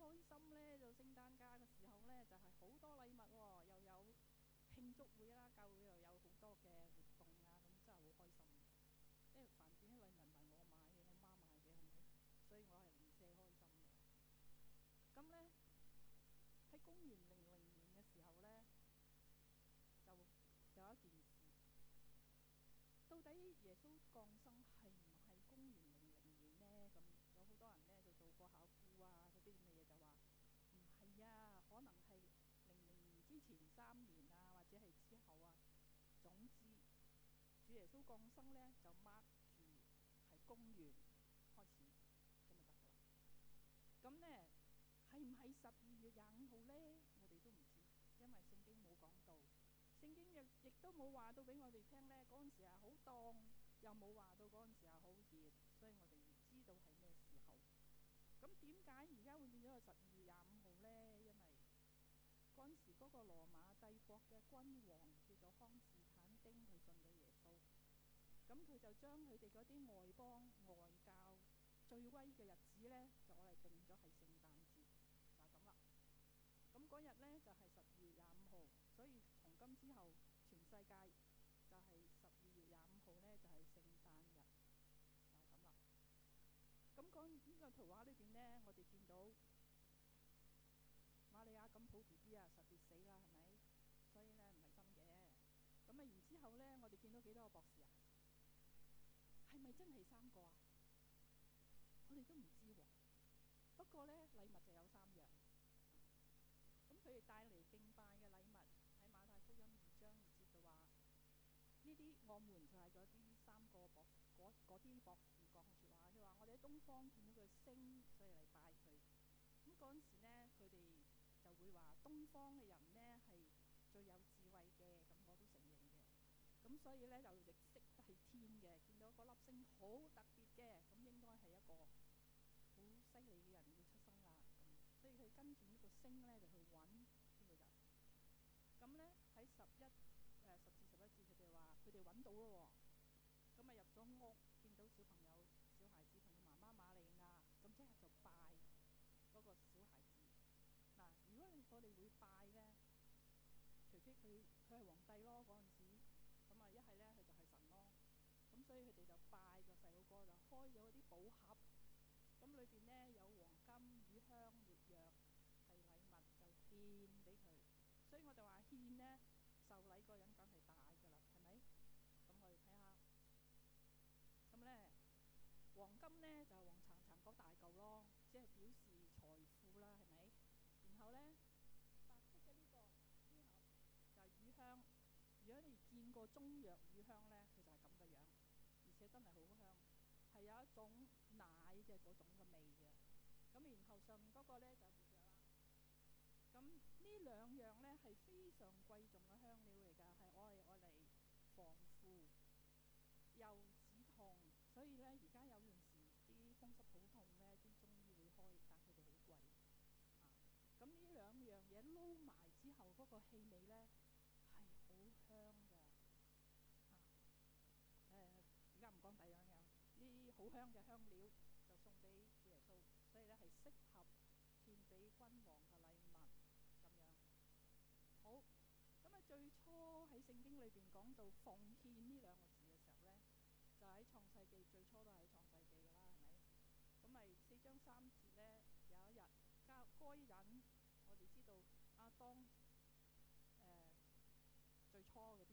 開心咧，就聖誕假嘅時候咧，就係好多禮物喎、哦，又有慶祝會啦，教會又有好多嘅活動啊，咁、嗯、真係好開心。即係凡事啲禮物唔係我買嘅，我媽買嘅，係咪？所以我係零舍開心嘅。咁咧，喺公元零零年嘅時候咧，就有一件事，到底耶穌降生。可能係零零年之前三年啊，或者係之後啊。總之，主耶穌降生咧就 mark 住係公元開始咁就得啦。咁咧係唔係十二月廿五號咧？我哋都唔知，因為聖經冇講到，聖經亦都冇話到俾我哋聽咧。嗰陣時啊好凍，又冇話到嗰陣時啊好熱。所以我哋唔知道係咩時候。咁點解而家會變咗個十二月？嗰陣時，嗰個羅馬帝國嘅君王叫做康斯坦丁，佢信咗耶穌。咁佢就將佢哋嗰啲外邦外教最威嘅日子呢，就攞嚟定咗係聖誕節。就係咁啦，咁嗰、就是、日呢就係十二月廿五號，所以從今之後，全世界就係十二月廿五號呢就係、是、聖誕日。就係咁啦，咁講呢個圖畫呢邊呢，我哋見到。B B 啊，特別死啦，係咪？所以呢，唔係真嘅。咁啊，然之後呢，我哋見到幾多個博士啊？係咪真係三個啊？我哋都唔知喎、哦。不過呢，禮物就有三樣。咁佢哋帶嚟敬拜嘅禮物，喺馬太福音二章二節就話：呢啲我們就係嗰啲三個博嗰啲博士講嘅説話。佢話：我哋喺東方見到個星，所以嚟拜佢。咁嗰陣時。話東方嘅人呢，係最有智慧嘅，咁我都承認嘅。咁所以呢，就亦識睇天嘅，見到嗰粒星好特別嘅，咁應該係一個好犀利嘅人要出生啦。所以佢跟住呢個星呢，就去揾呢個人。咁呢喺十一。我哋會拜咧，除非佢佢係皇帝咯嗰陣時，咁啊一係咧佢就係神咯，咁所以佢哋就拜個細佬哥，就開咗啲寶盒，咁裏邊咧有黃金、乳香、沒藥，係禮物，就獻俾佢。所以我就話獻咧，受禮個人梗係大㗎啦，係咪？咁我哋睇下，咁咧黃金咧就係係黃。中藥乳香咧，其實係咁嘅樣、樣，而且真係好香，係有一種奶嘅嗰種嘅味嘅。咁然後上面嗰個咧就咁，呢兩樣咧係非常貴重嘅香料嚟㗎，係愛愛嚟防腐又止痛，所以咧而家有陣時啲風濕好痛咧，啲中醫會開，但係佢哋好貴。咁、啊、呢兩樣嘢撈埋之後，嗰、那個氣味咧。唔講第樣嘢，呢啲好香嘅香料就送俾耶穌，所以呢，係適合獻俾君王嘅禮物咁樣。好，咁啊最初喺聖經裏邊講到奉獻呢兩個字嘅時候呢，就喺創世紀最初都係創世紀㗎啦，係咪？咁咪四章三節呢，有一日，該隱我哋知道阿當誒、呃、最初嘅。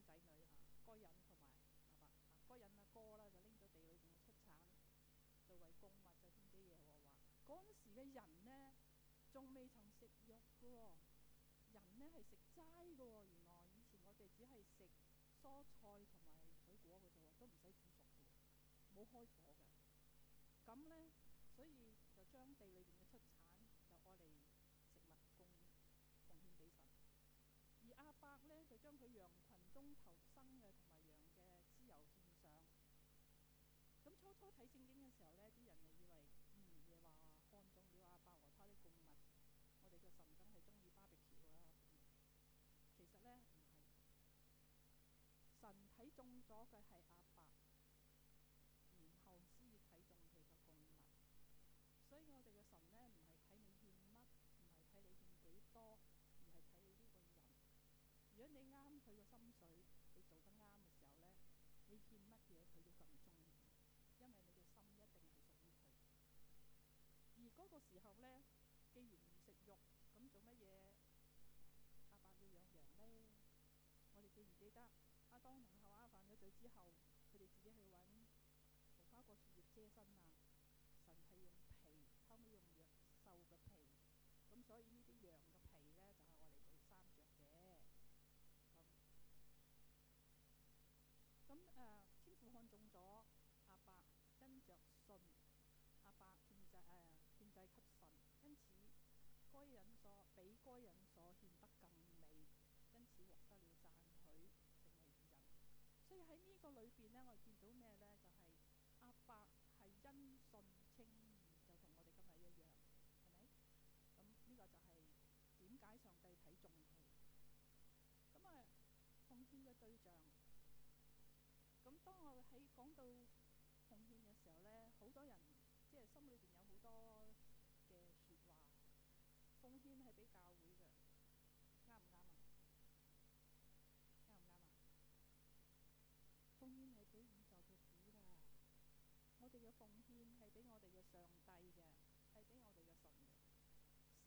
係供物就獻俾耶和華，嗰陣時嘅人呢，仲未曾食肉噶喎，人呢係食齋噶喎，原來以前我哋只係食蔬菜同埋水果嘅啫，都唔使煮熟噶喎，冇開火嘅。咁呢，所以就將地裏邊嘅出產就攞嚟食物供，奉獻俾神。而阿伯呢，就將佢羊群中頭。神睇中咗嘅係阿伯，然後先至睇中佢個貢物，所以我哋嘅神咧唔係睇你獻乜，唔係睇你獻幾多，而係睇你呢個人。如果你啱佢個心水，你做得啱嘅時候咧，你獻乜嘢佢都咁中意，因為你嘅心一定係屬於佢。而嗰個時候咧，既然唔食肉，咁做乜嘢？阿伯要養羊咧，我哋記唔記得？當農后阿、啊、犯咗罪之後，佢哋自己去揾無花果樹葉遮身啊！神係用皮，後尾用羊獸嘅皮，咁所以呢啲羊嘅皮咧就係我哋做衫着嘅。咁，咁誒。Uh, 喺呢個裏邊咧，我哋見到咩咧？就係、是、阿伯係因信稱義，就同我哋今日一樣，係咪？咁呢個就係點解上帝睇重佢？咁啊，奉獻嘅對象。咁當我喺講到奉獻嘅時候咧，好多人即係心裏邊有好多嘅説話，奉獻係比較。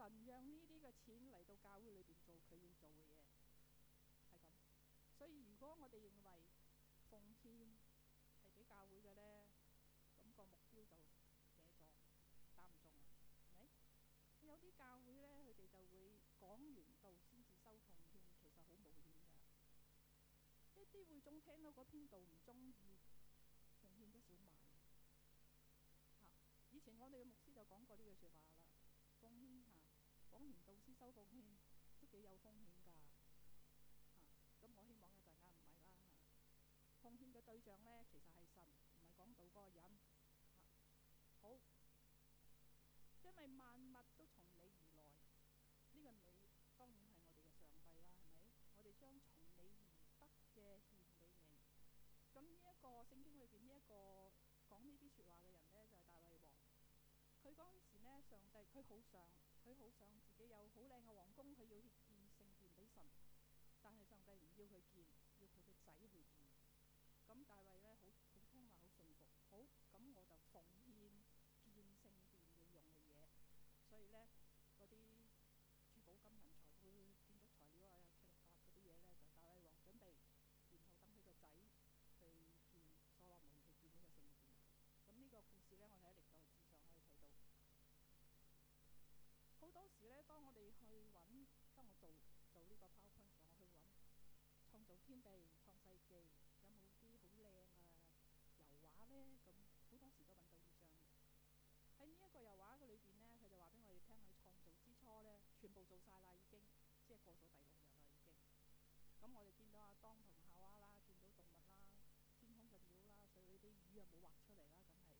神讓呢啲嘅錢嚟到教會裏邊做佢要做嘅嘢，係咁。所以如果我哋認為奉獻係俾教會嘅呢，咁個目標就寫咗，打唔中啦，係咪？有啲教會呢，佢哋就會講完道先至收奉獻，其實好冒險㗎。一啲會眾聽到嗰篇道唔中意，奉獻都少埋、啊。以前我哋嘅牧師就講過呢句説話啦，奉獻係。講完道先收奉獻，都幾有風險㗎。咁、啊、我希望大家唔係啦。啊、奉獻嘅對象呢，其實係神，唔係講道嗰個人。好，因為萬物都從你而來，呢、呢個你當然係我哋嘅上帝啦，係咪？我哋將從你而得嘅獻畀你。咁呢一個聖經裏面呢一、呢個講呢啲説話嘅人呢，就係、是、大衛王。佢當時呢，上帝佢好想。佢好想自己有好靚嘅皇宮，佢要建聖殿俾神，但係上帝唔要佢建，要佢個仔去建。咁大衛咧好聽話好信服，好，咁我就奉獻建聖殿要用嘅嘢，所以咧。做做呢個 PowerPoint，我去搵創造天地創世紀，有冇啲好靚嘅油畫呢？咁好多時都搵到呢張喺呢一個油畫嘅裏邊咧，佢就話俾我哋聽，喺創造之初呢，全部做晒啦已經，即係過咗第六日啦已經。咁我哋見到，啊，到啊，啊，啊，當同夏娃啦，見到動物啦，天空嘅鳥啦，水裡啲魚又冇畫出嚟啦，梗係。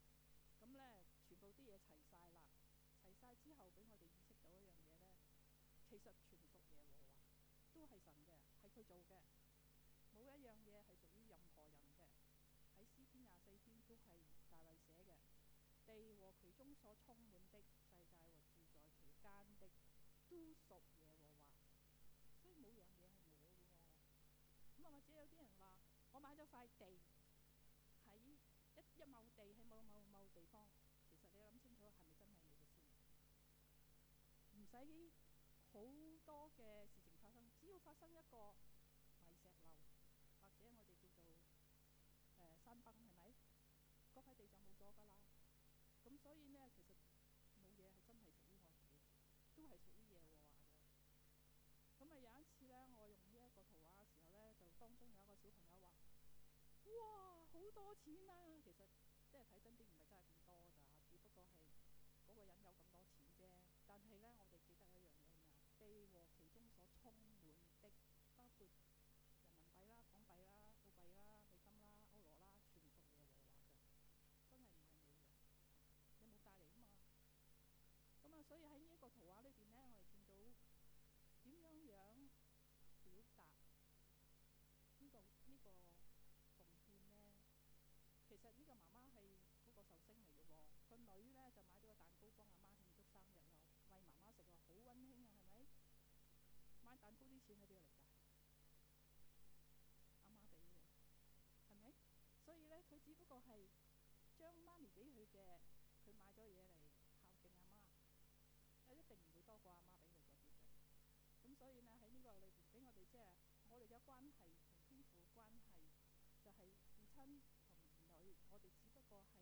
咁呢，全部啲嘢齊晒啦，齊晒之後俾我哋意識到一樣嘢呢，其實全。都係神嘅，係佢做嘅，冇一樣嘢係屬於任何人嘅。喺詩篇廿四篇都係大衛寫嘅。地和其中所充滿的，世界和住在其間的，都屬耶和華。所以冇樣嘢係我嘅喎。咁、嗯、或者有啲人話：，我買咗塊地，喺一一畝地喺某某某地方，其實你諗清楚係咪真係你嘅先？唔使好多嘅事情。發生一個泥石流，或者我哋叫做誒、呃、山崩，係咪？嗰塊地就冇咗㗎啦。咁所以呢，其實冇嘢係真係屬於我哋，都係屬於耶和華嘅。咁啊，有一次咧，我用呢一個圖畫嘅時候咧，就當中有一個小朋友話：，哇，好多錢啦、啊！其實即係睇真啲，唔係真係咁多㗎，只不過係嗰個人有咁多錢啫。但係咧，我哋記得一樣嘢係咩？所以喺呢一個圖畫裏面咧，我哋見到點樣樣表達呢個呢個奉獻咧？其實呢個媽媽係嗰個壽星嚟嘅喎，個女咧就買咗個蛋糕幫阿媽，媽慶祝生日咯，餵媽媽食喎，好溫馨啊，係咪？買蛋糕啲錢喺邊度嚟㗎？阿媽俾嘅，係咪？所以咧，佢只不過係將媽咪俾佢嘅，佢買咗嘢嚟。關係同天父嘅關係，就係、是、父親同兒女，我哋只不過係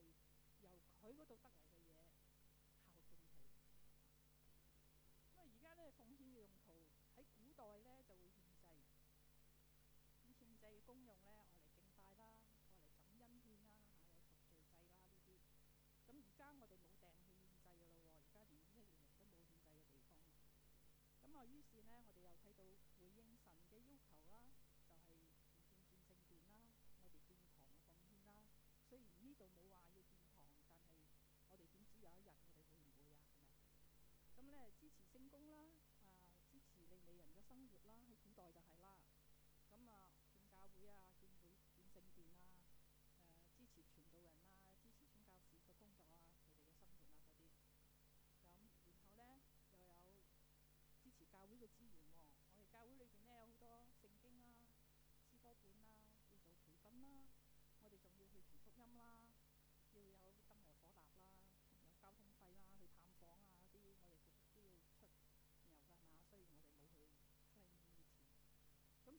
由佢嗰度得嚟嘅嘢孝敬佢。咁啊，而家呢，奉獻嘅用途喺古代呢就會獻祭，獻祭嘅功用呢，我嚟敬拜啦，我嚟感恩獻啦，有、啊、贖罪祭啦呢啲。咁而家我哋冇訂獻祭噶咯喎，而家連咩人，人都冇獻祭嘅地方。咁啊，於是呢，我哋又睇到。冇話要殿行，但係我哋點知有一日佢哋會唔會啊？係咪咁咧，支持聖工啦，啊支持利未人嘅生活啦，喺古代就係啦。咁啊，建教會啊。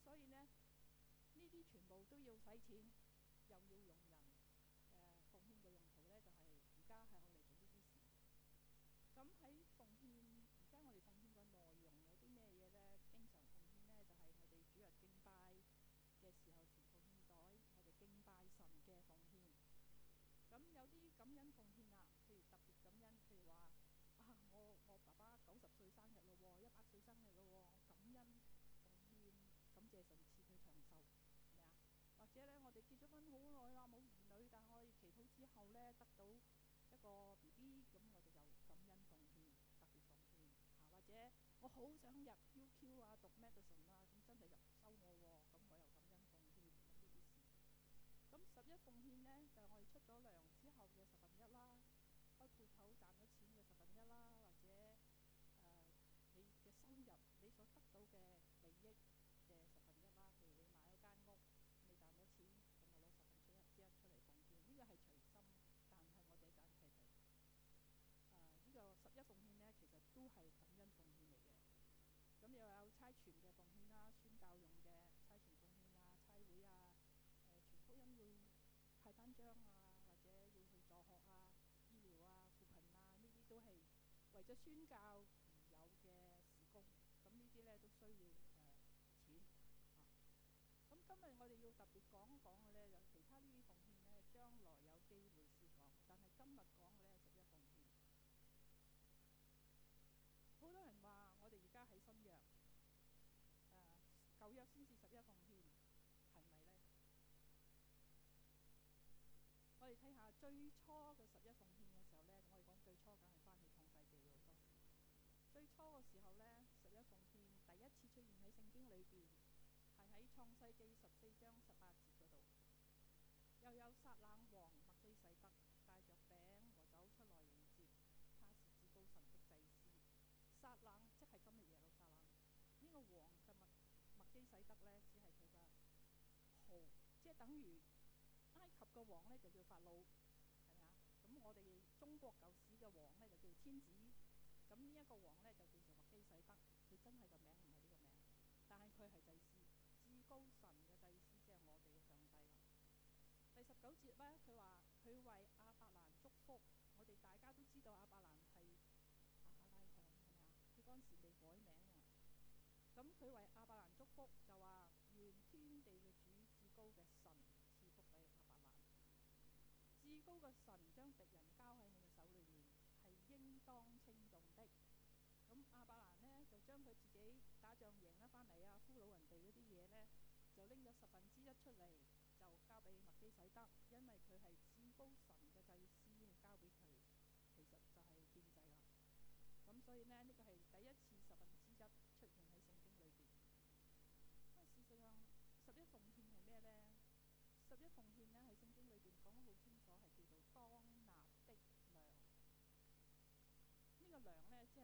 所以呢，呢啲全部都要使錢，又要用人。誒、呃，奉獻嘅用途呢，就係而家係我哋做呢啲事。咁、嗯、喺奉獻，而家我哋奉獻嘅內容有啲咩嘢呢？經常奉獻呢，就係我哋主日敬拜嘅時候，全奉獻袋，我哋敬拜神嘅奉獻。咁、嗯、有啲感恩奉獻。神賜佢長壽，係咪啊？或者呢，我哋結咗婚好耐啦，冇兒女，但係我哋祈禱之後呢，得到一個 B B，咁我哋就感恩奉獻，特別奉獻，啊。或者我好想入 QQ 啊，讀 Medicine 啊，咁真係入收我喎，咁、啊嗯、我又感恩奉獻。咁、啊嗯、十一奉獻呢，就係、我哋出咗糧。啊，或者要去助學啊、醫療啊、扶貧啊，呢啲都係為咗宣教而有嘅事工，咁呢啲咧都需要誒、呃、錢。咁、啊、今日我哋要特別講一講嘅咧，就其他呢啲奉獻咧，將來有機會先講。但係今日講嘅咧，係十一奉獻。好多人話我哋而家喺新約，誒、呃，舊約先至。我哋睇下最初嘅十一奉獻嘅時候呢，我哋講最初梗係翻去創世紀嗰度。最初嘅時候呢，十一奉獻第一次出現喺聖經裏邊，係喺創世紀十四章十八節嗰度。又有撒冷王麥基洗德帶着餅和酒出來迎接，他是至高神的祭司。撒冷即係今日耶路撒冷。呢、這個王就麥、麥基洗德呢，只係佢嘅號，即係等於。個王呢就叫法老，係咪啊？咁我哋中國舊時嘅王呢就叫天子，咁呢一個王呢就叫做麥基洗德，佢真係個名唔係呢個名，但係佢係祭司，至高神嘅祭司即係、就是、我哋嘅上帝啦。第十九節呢，佢話佢為亞伯蘭祝福，我哋大家都知道亞伯蘭係亞伯拉罕，係咪啊？佢當時未改名啊。咁佢為亞伯蘭祝福就話。至高嘅神將敵人交喺你嘅手裏面，係應當稱頌的。咁、嗯、亞伯蘭呢，就將佢自己打仗贏得翻嚟啊，俘虜人哋嗰啲嘢呢，就拎咗十分之一出嚟，就交俾麥基洗德，因為佢係至高神嘅祭司交俾佢。其實就係獻祭啦。咁、嗯、所以呢，呢個係第一次十分之一出現喺聖經裏邊。咁事實上，十一奉獻係咩呢？十一奉獻呢喺聖經。糧呢，即係糧餉，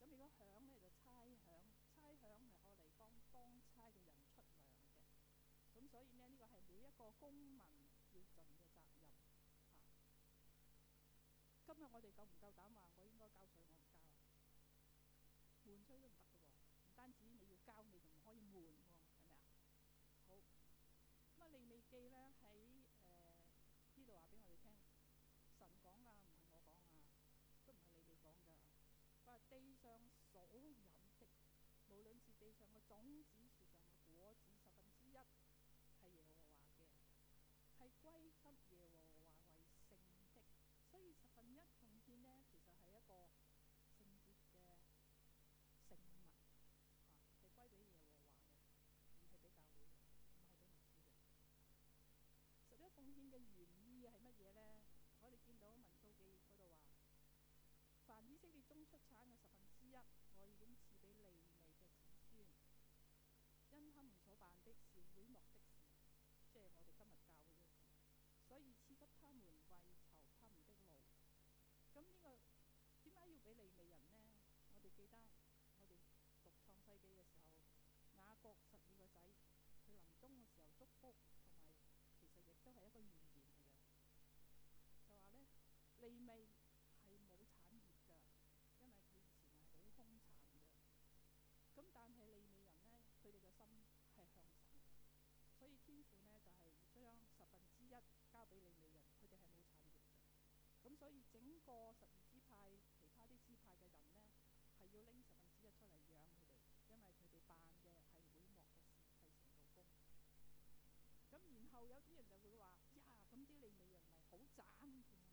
咁、嗯、如果響呢，就差餉，差餉係攞嚟幫當差嘅人出糧嘅，咁、嗯、所以呢，呢個係每一個公民要盡嘅責任。吓、啊。今日我哋夠唔夠膽話我應該交稅，我唔交，啊、哦，瞞稅都唔得嘅喎，唔單止你要交你，你仲可以瞞、哦，係咪啊？好，咁、嗯、啊瑪拉基咧。地上所有的，無論是地上嘅種子，樹上嘅果子，十分之一係耶和華嘅，係歸給耶和華為聖的。所以十分一奉獻咧，其實係一個聖潔嘅聖物。以色列中出產嘅十分之一，我已經賜俾利未嘅子孫，因他們所辦的是會幕的事，即係我哋今日教嘅，所以賜給他們為酬他們的路。咁呢個點解要俾利未人呢？我哋記得我哋讀創世紀嘅時候，雅各十二個仔，佢臨終嘅時候祝福同埋，其實亦都係一個預言嚟嘅，就話呢：「利未」。政府呢就係、是、將十分之一交俾利未人，佢哋係冇產業嘅。咁所以整個十二支派其他啲支派嘅人呢，係要拎十分之一出嚟養佢哋，因為佢哋辦嘅係會幕嘅事，係成道工。咁然後有啲人就會話：，呀，咁啲利未人咪係好慘嘅、啊。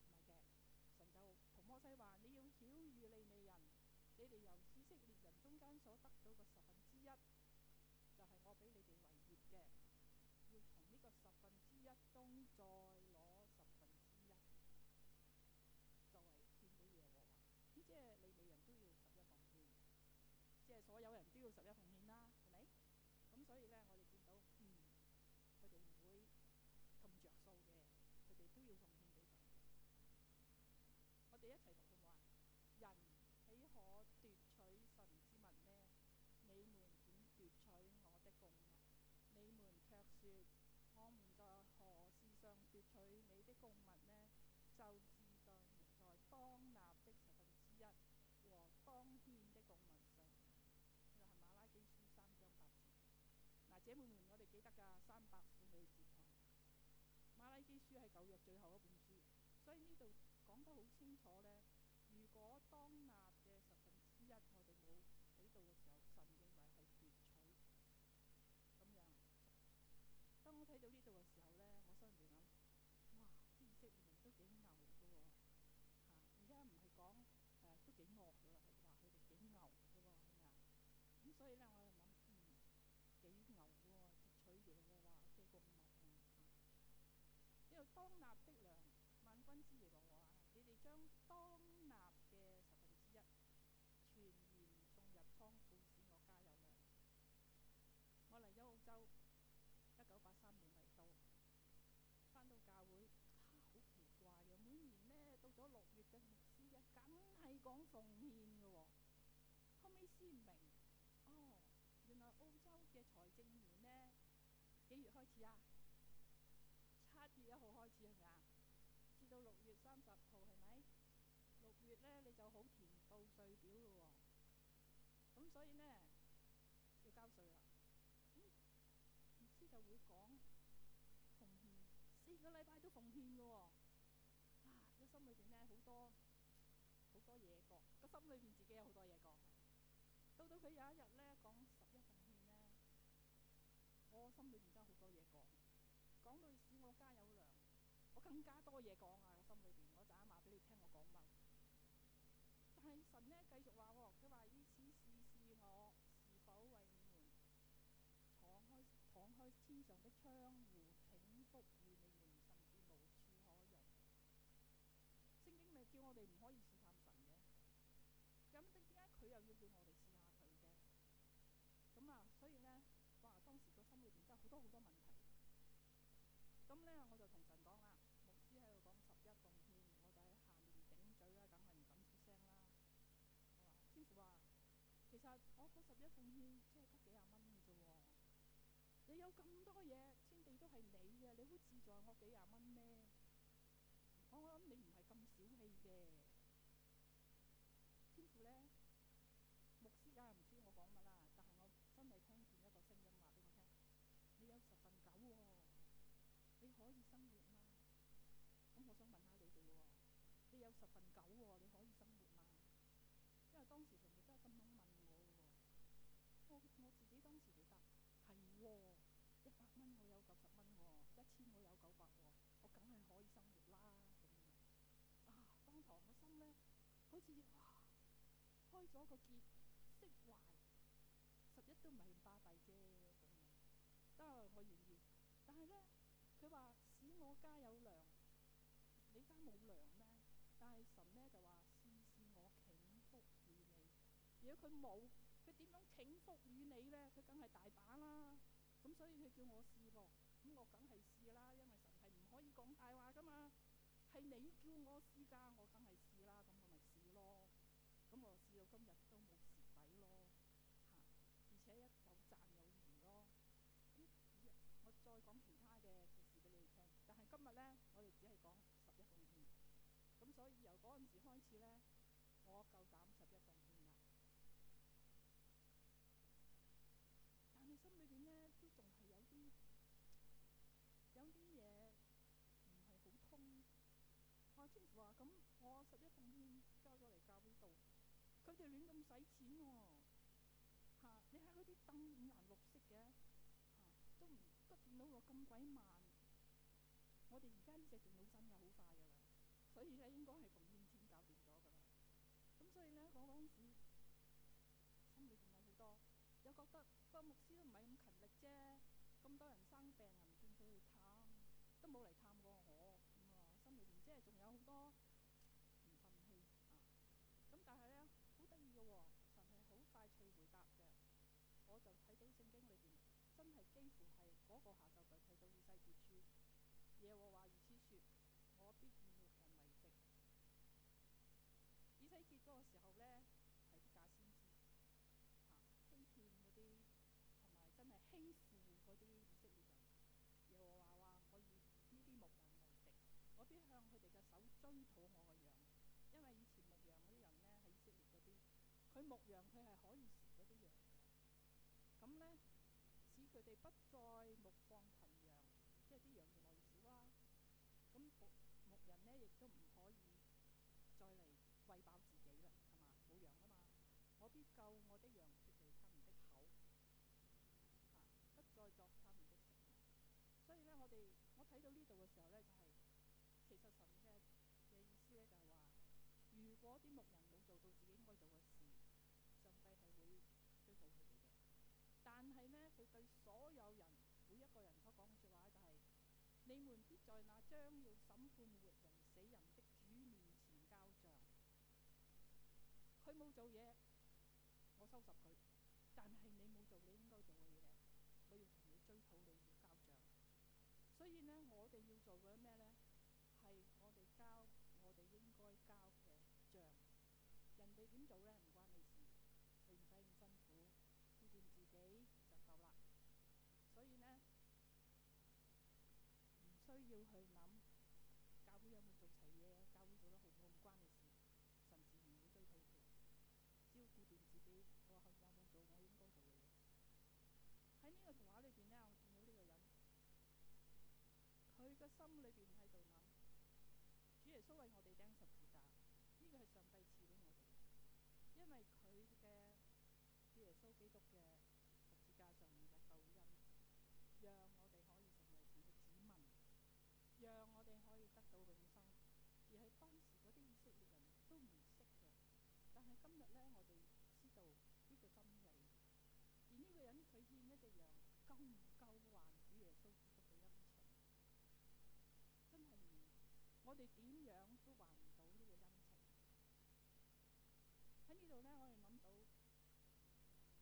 唔係嘅，神就同摩西話：，你要曉諭利未人，你哋由以色列人中間所得到個十分之一，就係、是、我俾你哋為。要從呢個十分之一中再。我唔在何事上奪取你的貢物呢？就自在在當納的十分之一和當獻的貢物上。又係馬拉基書三章八節。嗱，姐妹們，我哋記得噶，三百婦女節。馬拉基書係舊約最後一本書，所以呢度講得好清楚呢。如果我睇到呢度嘅時候咧，我心入邊諗：哇，以色列人都幾牛嘅喎、啊！嚇、啊，而家唔係講誒都幾惡嘅，係話佢哋幾牛嘅喎、啊，係咪？咁所以咧，我就諗，嗯，幾牛喎、啊，汲取嘢嘅話，即係咁惡嘅。因為當納的糧萬軍之耶和華嘅話，你哋將當納嘅十分之一，全然送入倉庫使我家有糧。我嚟咗澳洲。講奉獻嘅喎，後尾先明，哦，原來澳洲嘅財政年呢，幾月開始啊？七月一號開始係咪啊？至到六月三十號係咪？六月呢，你就好填報稅表嘅喎、哦，咁所以呢，要交稅啦。意、嗯、思就會講奉獻，四個禮拜都奉獻嘅喎，啊，我心裏邊呢好多。到佢有一日咧講十一份獻咧，我心裏邊真係好多嘢講。講到使我家有糧，我更加多嘢講啊！我心裏邊，我就喺俾你聽我講嘛。但係神咧繼續話、哦，喎，佢話呢次試試我，是否為你們敞開敞開天上的窗？所以呢，哇！當時個心裏邊真係好多好多問題。咁呢，我就同神講啦，牧師喺度講十一奉獻，我就喺下面頂嘴啦，梗係唔敢出聲啦。我話，天父話，其實我嗰十一奉獻即係得幾廿蚊啫喎，你有咁多嘢，天地都係你嘅，啊，你好自在我幾廿蚊咩？我我諗你唔～好似哇，開咗個結，釋懷，十一都唔係咁巴閉啫。咁得我願意，但係呢，佢話使我家有糧，你家冇糧咩？但係神咧就話試試我傾福與你。如果佢冇，佢點樣傾福與你呢？佢梗係大把啦。咁所以佢叫我試喎，咁我梗係試啦，因為神係唔可以講大話噶嘛。係你叫我試㗎，我梗。我夠膽十一奉獻啦。但係心裏邊呢，都仲係有啲有啲嘢唔係好通。阿、啊、天父話：咁我十一奉獻交咗嚟教會度，佢哋亂咁使錢喎、哦。嚇、啊！你睇嗰啲燈五顏六色嘅，啊，都唔得電腦喎咁鬼慢。我哋而家呢隻電腦真係好快㗎啦，所以呢應該係咁。我嗰陣時，心裏邊有好多，又覺得個牧師都唔係咁勤力啫，咁多人生病又唔見佢去探，都冇嚟探過我，咁、嗯、啊，心裏邊即係仲有好多唔忿氣，咁、啊、但係呢，好得意嘅喎，神係好快脆回答嘅，我就睇到聖經裏邊真係幾乎係嗰個下晝就睇到以西結處，耶和華如此說，我必與牧人為敵，以西結嗰個時候。牧羊佢係可以食嗰啲羊，咁呢，使佢哋不再牧放群羊，即係啲羊越嚟越少啦、啊。咁牧牧人呢，亦都唔可以再嚟餵飽自己啦，係嘛，冇羊啊嘛，我必救我啲羊脫離佢哋嘅口、啊，不再作他們嘅食物。所以呢，我哋我睇到呢度嘅時候呢，就係、是、其實神嘅嘅意思呢，就係、是、話如果啲牧人咧，佢對所有人每一個人所講嘅説話，就係你們必在那將要審判活人死人的主面前交賬。佢冇做嘢，我收拾佢；但係你冇做，你應該做嘅嘢，我要同你追討你要交賬。所以呢，我哋要做嘅咩呢？係我哋交我哋應該交嘅賬。人哋點做呢？因為我哋釘十字架，呢個係上帝賜俾我哋，因為佢嘅耶穌基督嘅十字架上面嘅救恩，讓我哋可以成為神嘅子民，讓我哋可以得到永生。而喺當時嗰啲以色列人都唔識嘅，但係今日呢，我哋知道呢個真理。而呢個人佢欠一隻羊羔。我哋點樣都還唔到呢個恩情。喺呢度咧，我哋諗到，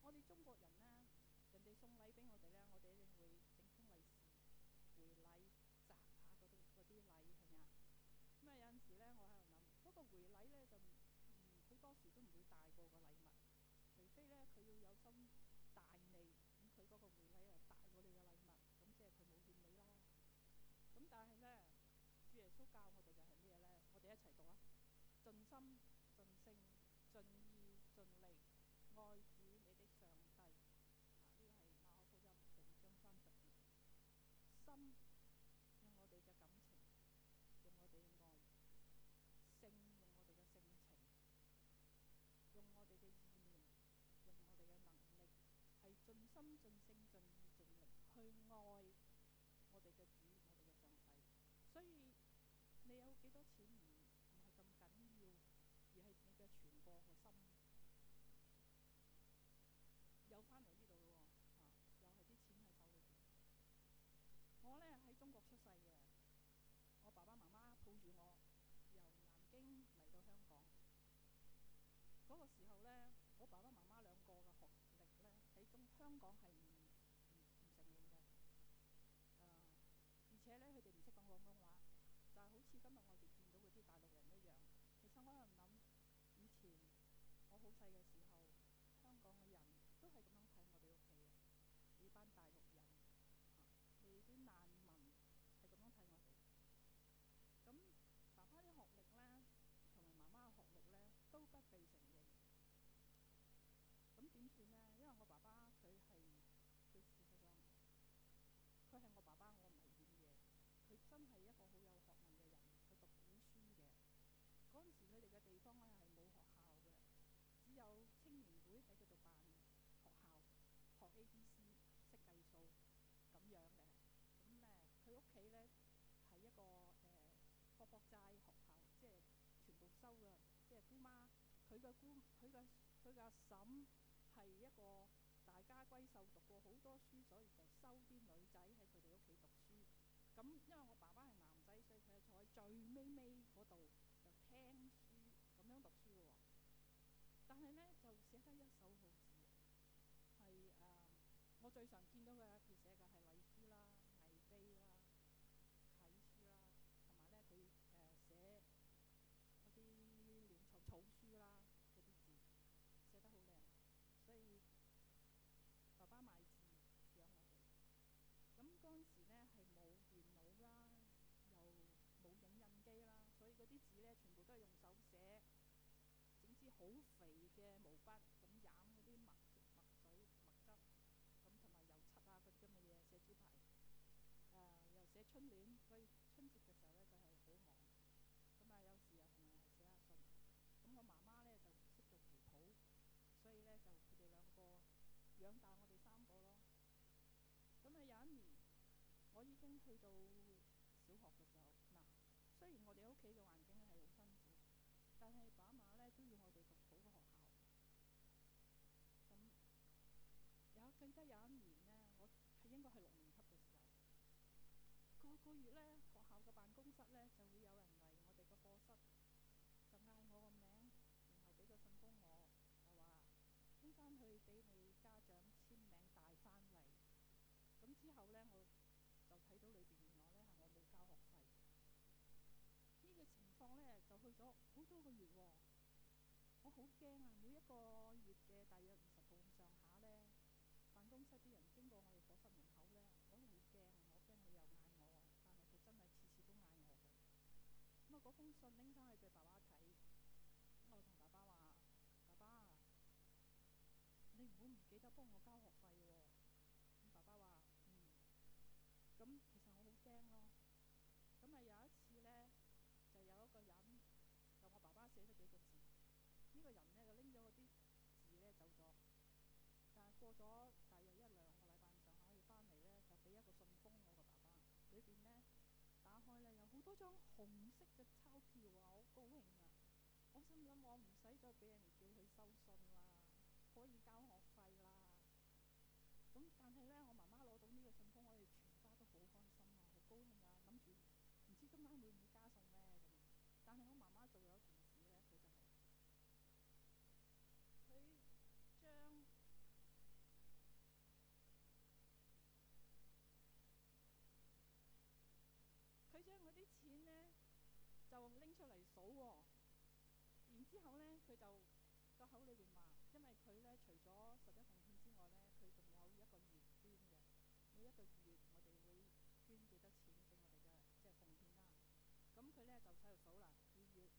我哋中國人咧，人哋送禮俾我哋咧，我哋一定會整封利是回禮，集下嗰啲嗰啲禮係咪啊？咁啊有陣時咧，我喺度諗，嗰個回禮咧就，好、嗯、多時都唔會大過個禮物，除非咧佢要有心。一齊讀啦，盡心、盡性、盡意、盡力愛主你的上帝。呢個係個係馬可福音第十二章三十節。心。嗰個時候咧，我爸爸媽媽兩個嘅學歷咧喺中香港係唔唔唔承認嘅，誒、呃，而且咧佢哋唔識講廣東話，就係、是、好似今日我哋見到嗰啲大陸人一樣。其實我喺度諗，以前我好細嘅時候，佢個姑，佢個佢個嬸係一個大家閨秀，讀過好多書，所以就收啲女仔喺佢哋屋企讀書，咁因為我爸爸係男仔，所以佢坐喺最尾尾嗰度就聽書咁樣讀書喎，但係咧就寫得一手好字，係誒、啊、我最常見到嘅一件事。好肥嘅毛筆，咁染嗰啲墨墨水墨汁，咁同埋油漆啊嗰啲咁嘅嘢，寫招牌，誒又寫春聯，所以春節嘅時候咧佢係好忙，咁啊有時又同人寫下信，咁我媽媽咧就識做旗袍，所以咧就佢哋兩個養大我哋三個咯，咁啊有一年我已經去到小學嘅時候，嗱雖然我哋屋企嘅環境係好辛苦，但係爸爸媽媽咧都要我哋。個月咧，學校嘅辦公室咧就會有人嚟我哋嘅課室，就嗌我個名，然後俾個信封我，就話：拎翻去俾你家長簽名帶翻嚟。咁之後咧，我就睇到裏邊原來咧係我冇交學費。呢、這個情況咧就去咗好多個月喎，我好驚啊！每一個月。嗰封信拎翻去俾爸爸睇，我同爸爸話：爸爸，你唔好唔記得幫我交學費喎。爸爸話：嗯。咁其實我好驚咯。咁啊有一次咧，就有一個人，就我爸爸寫咗幾個字，呢個人咧就拎咗嗰啲字咧走咗。但係過咗。紅色嘅鈔票，啊，我好高興啊！我心諗我唔使再俾人哋叫去收信啦，可以交學費啦。咁但係咧我。口咧，佢就個口裏邊話，因為佢咧除咗十一奉獻之外咧，佢仲有一個月捐嘅。每一個月，我哋會捐幾多錢俾我哋嘅，即係奉獻啦。咁佢咧就喺度數啦，二月、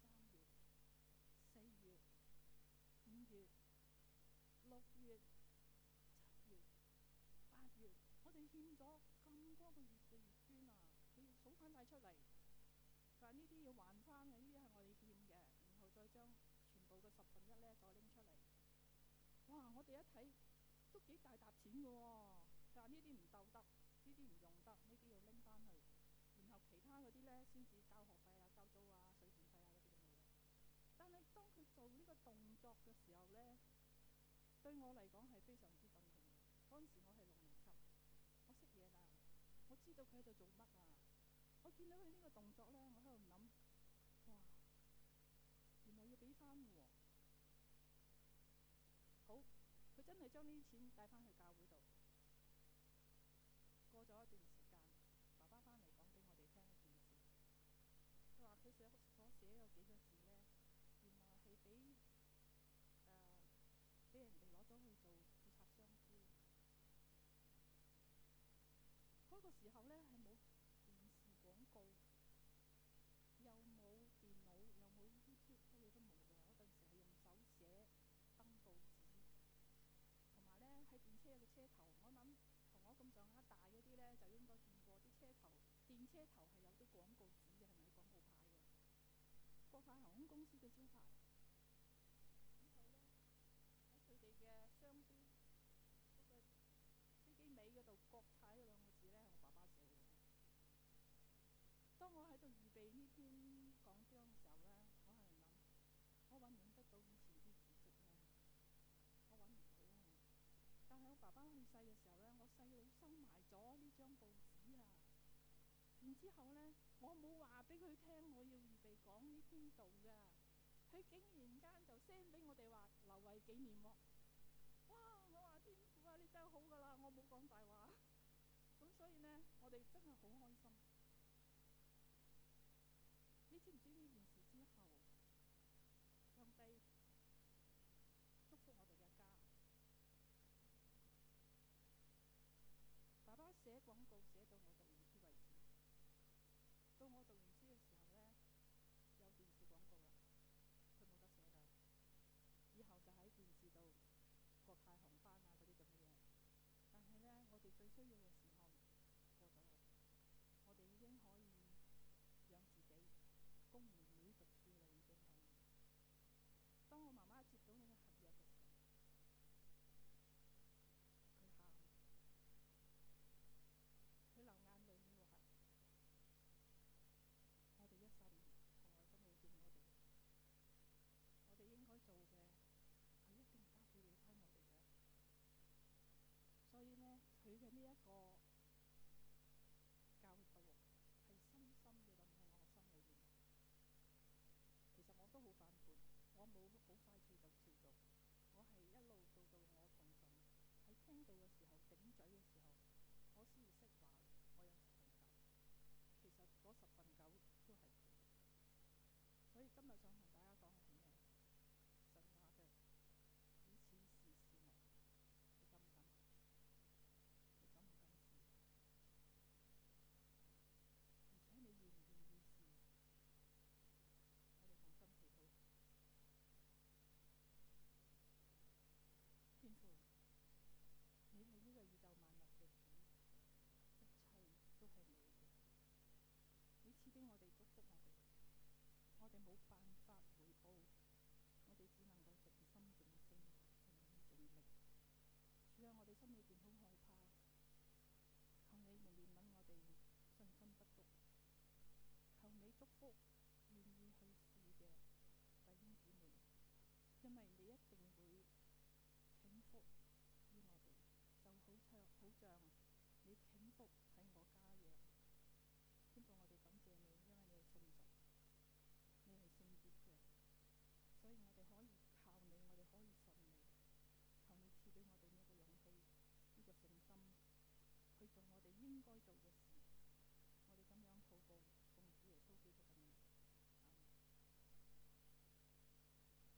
三月、四月、五月、六月、七月、八月，我哋欠咗咁多個月嘅月捐啊，佢要數翻晒出嚟，但係呢啲要還翻嘅呢啲。將全部嘅十分一咧，再拎出嚟。哇！我哋一睇都幾大沓錢㗎喎、哦。但係呢啲唔夠得，呢啲唔用得，呢啲要拎翻去。然後其他嗰啲咧，先至交學費啊、交租啊、水電費啊嗰啲咁嘅嘢。但係當佢做呢個動作嘅時候咧，對我嚟講係非常之不同。嗰陣時我係六年級，我識嘢啦，我知道佢喺度做乜啊。我見到佢呢個動作咧，我喺度諗。佢真係將呢啲錢帶翻去教會度，過咗一段。國泰航空公司嘅招牌，然後呢，喺佢哋嘅商標，飛機尾嗰度國泰兩個字呢，係我爸爸寫嘅。當我喺度預備呢篇講章嘅時候呢，我喺度諗，我搵唔得到以前啲字跡啊，我搵唔到啊。但係我爸爸去世嘅時候呢，我細佬收埋咗呢張報紙啊。然之後咧，我冇話俾佢聽，我要。講呢邊度噶，佢竟然間就 send 俾我哋話留為紀念喎。哇！我話天父啊，你真係好噶啦，我冇講大話。咁所以呢，我哋真係好開心。